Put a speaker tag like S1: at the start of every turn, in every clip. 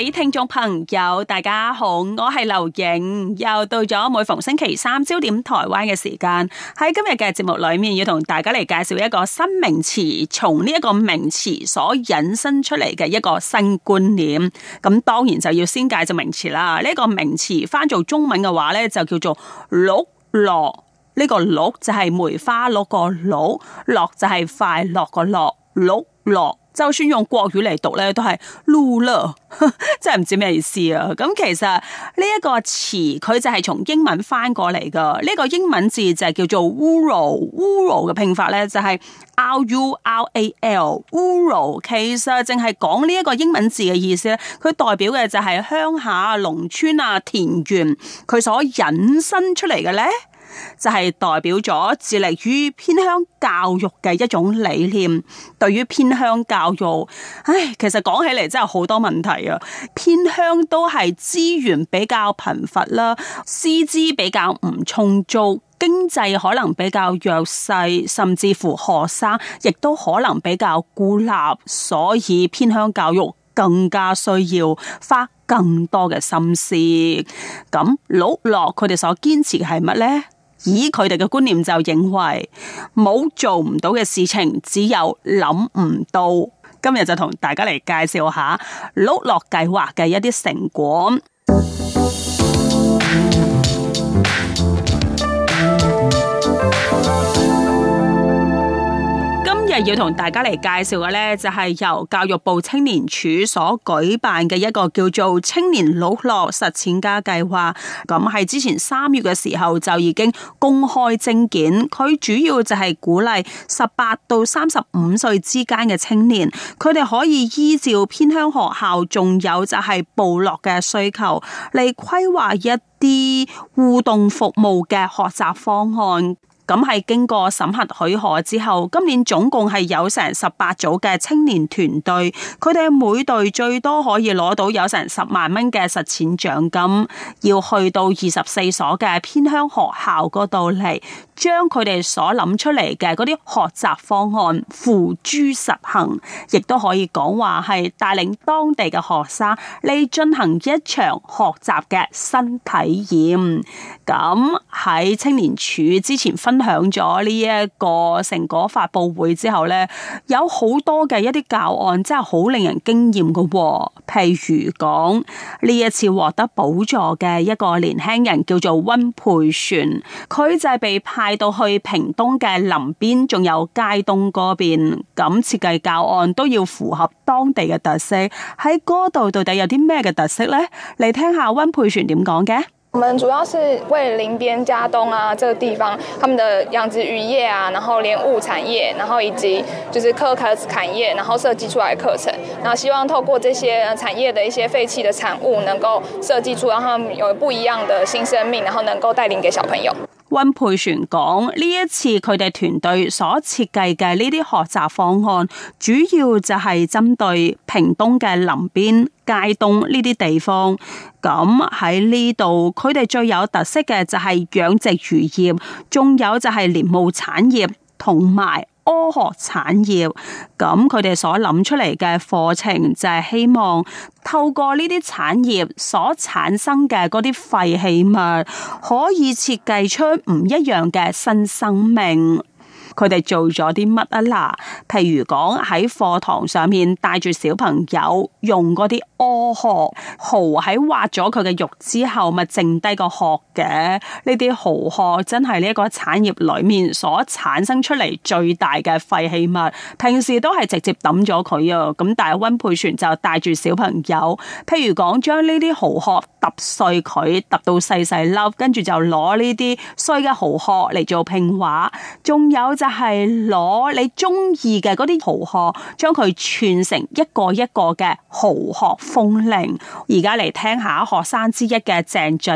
S1: 各位聽眾朋友，大家好，我係劉穎，又到咗每逢星期三焦點台灣嘅時間。喺今日嘅節目裏面，要同大家嚟介紹一個新名詞，從呢一個名詞所引申出嚟嘅一個新觀念。咁當然就要先介紹名詞啦。呢個名詞翻做中文嘅話咧，就叫做“鹿樂”，呢個“鹿”就係梅花鹿個“鹿”，“樂”就係快樂個“樂”，“鹿樂”。就算用國語嚟讀咧，都係 lula，呵呵真係唔知咩意思啊！咁其實呢一個詞，佢就係從英文翻過嚟噶。呢個英文字就係叫做 rural，rural 嘅拼法咧就係 r u r a l rural。其實淨係講呢一個英文字嘅意思咧，佢代表嘅就係鄉下、農村啊、田園，佢所引申出嚟嘅咧。就係、是、代表咗致力於偏鄉教育嘅一種理念。對於偏鄉教育，唉，其實講起嚟真係好多問題啊！偏鄉都係資源比較貧乏啦，師資比較唔充足，經濟可能比較弱勢，甚至乎學生亦都可能比較孤立，所以偏鄉教育更加需要花更多嘅心思。咁，鹿樂佢哋所堅持係乜呢？以佢哋嘅觀念就認為，冇做唔到嘅事情，只有諗唔到。今日就同大家嚟介紹一下鹿樂計劃嘅一啲成果。今日要同大家嚟介紹嘅呢，就係由教育部青年署所舉辦嘅一個叫做青年鹿樂實踐家計劃。咁係之前三月嘅時候就已經公開證件，佢主要就係鼓勵十八到三十五歲之間嘅青年，佢哋可以依照偏鄉學校，仲有就係部落嘅需求，嚟規劃一啲互動服務嘅學習方案。咁係經過審核許可之後，今年總共係有成十八組嘅青年團隊，佢哋每隊最多可以攞到有成十萬蚊嘅實踐獎金，要去到二十四所嘅偏鄉學校嗰度嚟，將佢哋所諗出嚟嘅嗰啲學習方案付諸實行，亦都可以講話係帶領當地嘅學生嚟進行一場學習嘅新體驗。咁喺青年署之前分享咗呢一個成果發佈會之後呢，有好多嘅，一啲教案真係好令人驚艷嘅、哦。譬如講呢一次獲得補助嘅一個年輕人叫做溫佩璇，佢就係被派到去屏東嘅林邊仲有佳冬嗰邊，咁設計教案都要符合當地嘅特色。喺嗰度到底有啲咩嘅特色呢？嚟聽下溫佩璇點講嘅。我們主要是為林邊、佳冬啊，這個地方他們的養殖漁業啊，然後蓮霧產業，然後以及就是蚵殼產業，然後設計出來課程，然後希望透過這些產業的一些廢棄的產物，能夠設計出讓他們有不一樣的新生命，然後能夠帶領給小朋友。溫佩璇講呢一次佢哋團隊所設計嘅呢啲學習方案，主要就係針對屏東嘅林邊。街東呢啲地方，咁喺呢度，佢哋最有特色嘅就係養殖漁業，仲有就係蓮霧產業，同埋蚵殼產業。咁佢哋所諗出嚟嘅課程就係希望透過呢啲產業所產生嘅嗰啲廢棄物，可以設計出唔一樣嘅新生命。佢哋做咗啲乜啊，嗱，譬如講，喺課堂上面帶住小朋友用啲屙殼蠔，喺挖咗佢嘅肉之後咪剩低個殼嘅，呢啲蠔殼真係呢一個產業裡面所產生出嚟最大嘅廢棄物。平時都係直接抌咗佢啊。咁但係溫佩璇就帶住小朋友，譬如講，將呢啲蠔殼揼碎佢，揼到細細粒，跟住就攞呢啲碎嘅蠔殼嚟做拼畫，仲有就是係攞你中意嘅嗰啲蚵殼，將佢串成一個一個嘅蚵殼風鈴。而家嚟聽一下學生之一嘅鄭俊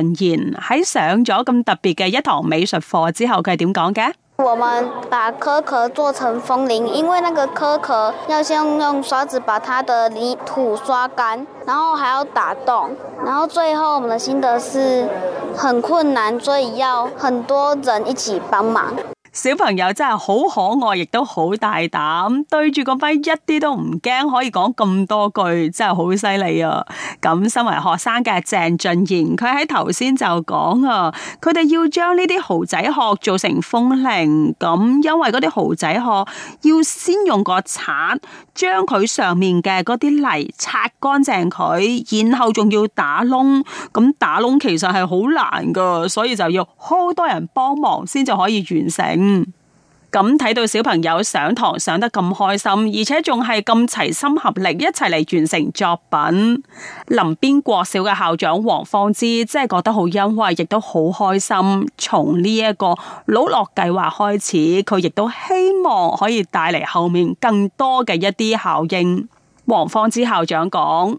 S1: 賢喺上咗咁特別嘅一堂美術課之後，佢係點講嘅？我們把蚵殼做成風鈴，因為那個蚵殼要先用刷子把它的泥土刷乾，然後還要打洞，然後最後我們的心得是很困難，所以要很多人一起幫忙。小朋友真係好可愛，亦都好大膽，對住個咪一啲都唔驚，可以講咁多句，真係好犀利啊！咁身為學生嘅鄭俊賢，佢喺頭先就講啊，佢哋要將呢啲蠔仔殼做成風鈴。咁因為嗰啲蠔仔殼要先用個鏟將佢上面嘅嗰啲泥擦乾淨佢，然後仲要打窿。咁打窿其實係好難噶，所以就要好多人幫忙先就可以完成。嗯，咁睇到小朋友上堂上得咁開心，而且仲係咁齊心合力一齊嚟完成作品，林邊國小嘅校長黃方之，真係覺得好欣慰，亦都好開心。從呢一個鹿樂計劃開始，佢亦都希望可以帶嚟後面更多嘅一啲效應。黃方之校長講。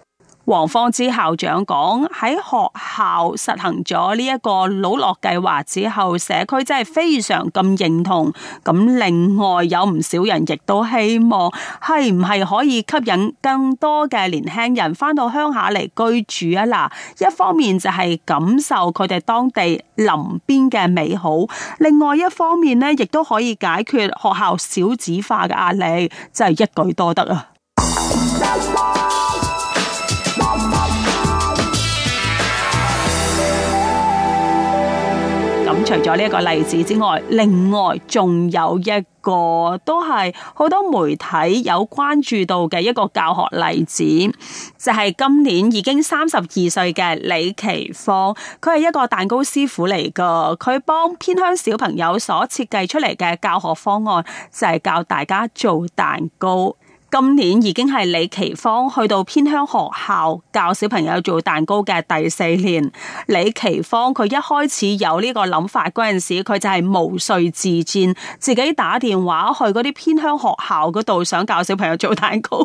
S1: 黃方之校長講喺學校實行咗呢一個鹿樂計劃之後，社區真係非常咁認同。咁另外有唔少人亦都希望係唔係可以吸引更多嘅年輕人翻到鄉下嚟居住啊！嗱，一方面就係感受佢哋當地林邊嘅美好，另外一方面呢，亦都可以解決學校少子化嘅壓力，真係一舉多得啊！除咗呢個例子之外，另外仲有一個都係好多媒體有關注到嘅一個教學例子，就係、是、今年已經三十二歲嘅李奇芳，佢係一個蛋糕師傅嚟㗎，佢幫偏鄉小朋友所設計出嚟嘅教學方案，就係、是、教大家做蛋糕。今年已經係李奇芳去到偏鄉學校教小朋友做蛋糕嘅第四年。李奇芳佢一開始有呢個諗法嗰陣時，佢就係毛遂自薦，自己打電話去嗰啲偏鄉學校嗰度想教小朋友做蛋糕。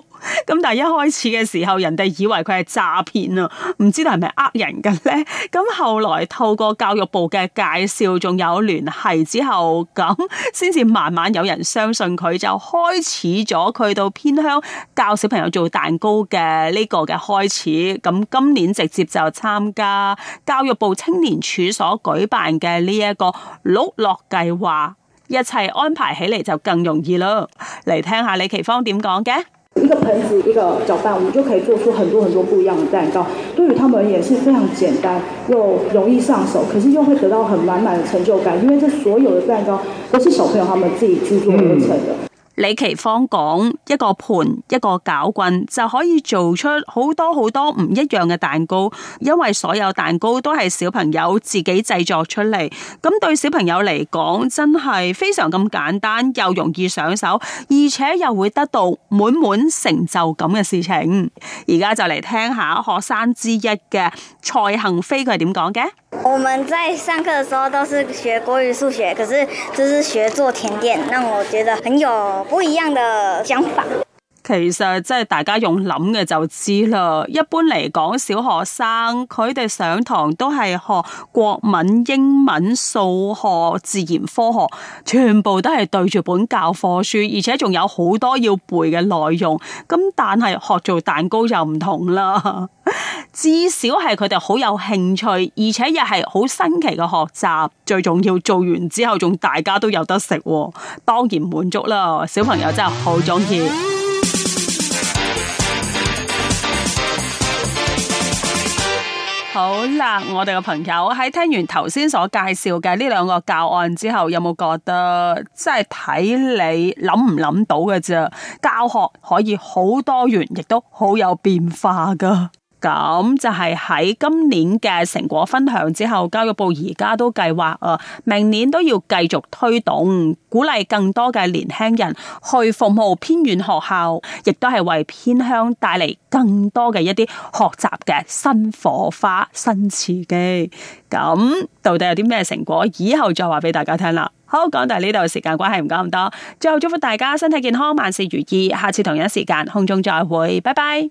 S1: 咁但係一開始嘅時候，人哋以為佢係詐騙啊，唔知係咪呃人嘅呢。咁後來透過教育部嘅介紹，仲有聯繫之後，咁先至慢慢有人相信佢，就開始咗佢到偏教小朋友做蛋糕嘅呢個嘅開始，咁今年直接就參加教育部青年署所舉辦嘅呢一個鹿樂計劃，一切安排起嚟就更容易咯。嚟聽下李奇芳點講嘅。一個盆子，一個攪拌碗，我們就可以做出很多很多不一樣的蛋糕，對於他們也是非常簡單又容易上手，可是又會得到很滿滿的成就感，因為這所有的蛋糕都是小朋友他們自己製作而成的。嗯李奇芳講：一個盤，一個攪棍就可以做出好多好多唔一樣嘅蛋糕，因為所有蛋糕都係小朋友自己製作出嚟。咁對小朋友嚟講，真係非常咁簡單，又容易上手，而且又會得到滿滿成就感嘅事情。而家就嚟聽下學生之一嘅蔡幸飛佢係點講嘅。我們在上課的時候都是學國語、數學，可是這是學做甜點，讓我覺得很有不一樣的想法。其實即係大家用諗嘅就知啦。一般嚟講，小學生佢哋上堂都係學國文、英文、數學、自然、科學，全部都係對住本教科書，而且仲有好多要背嘅內容。咁但係學做蛋糕又唔同啦。至少係佢哋好有興趣，而且又係好新奇嘅學習。最重要做完之後，仲大家都有得食，當然滿足啦。小朋友真係好中意。好啦，我哋嘅朋友喺聽完頭先所介紹嘅呢兩個教案之後，有冇覺得真係睇你諗唔諗到嘅啫？教學可以好多元，亦都好有變化㗎。咁就係喺今年嘅成果分享之後，教育部而家都計劃明年都要繼續推動，鼓勵更多嘅年輕人去服務偏遠學校，亦都係為偏鄉帶嚟更多嘅一啲學習嘅新火花、新刺激。咁到底有啲咩成果，以後再話俾大家聽啦。好，講到呢度，時間關係唔講咁多，最後祝福大家身體健康，萬事如意。下次同一時間空中再會，拜拜。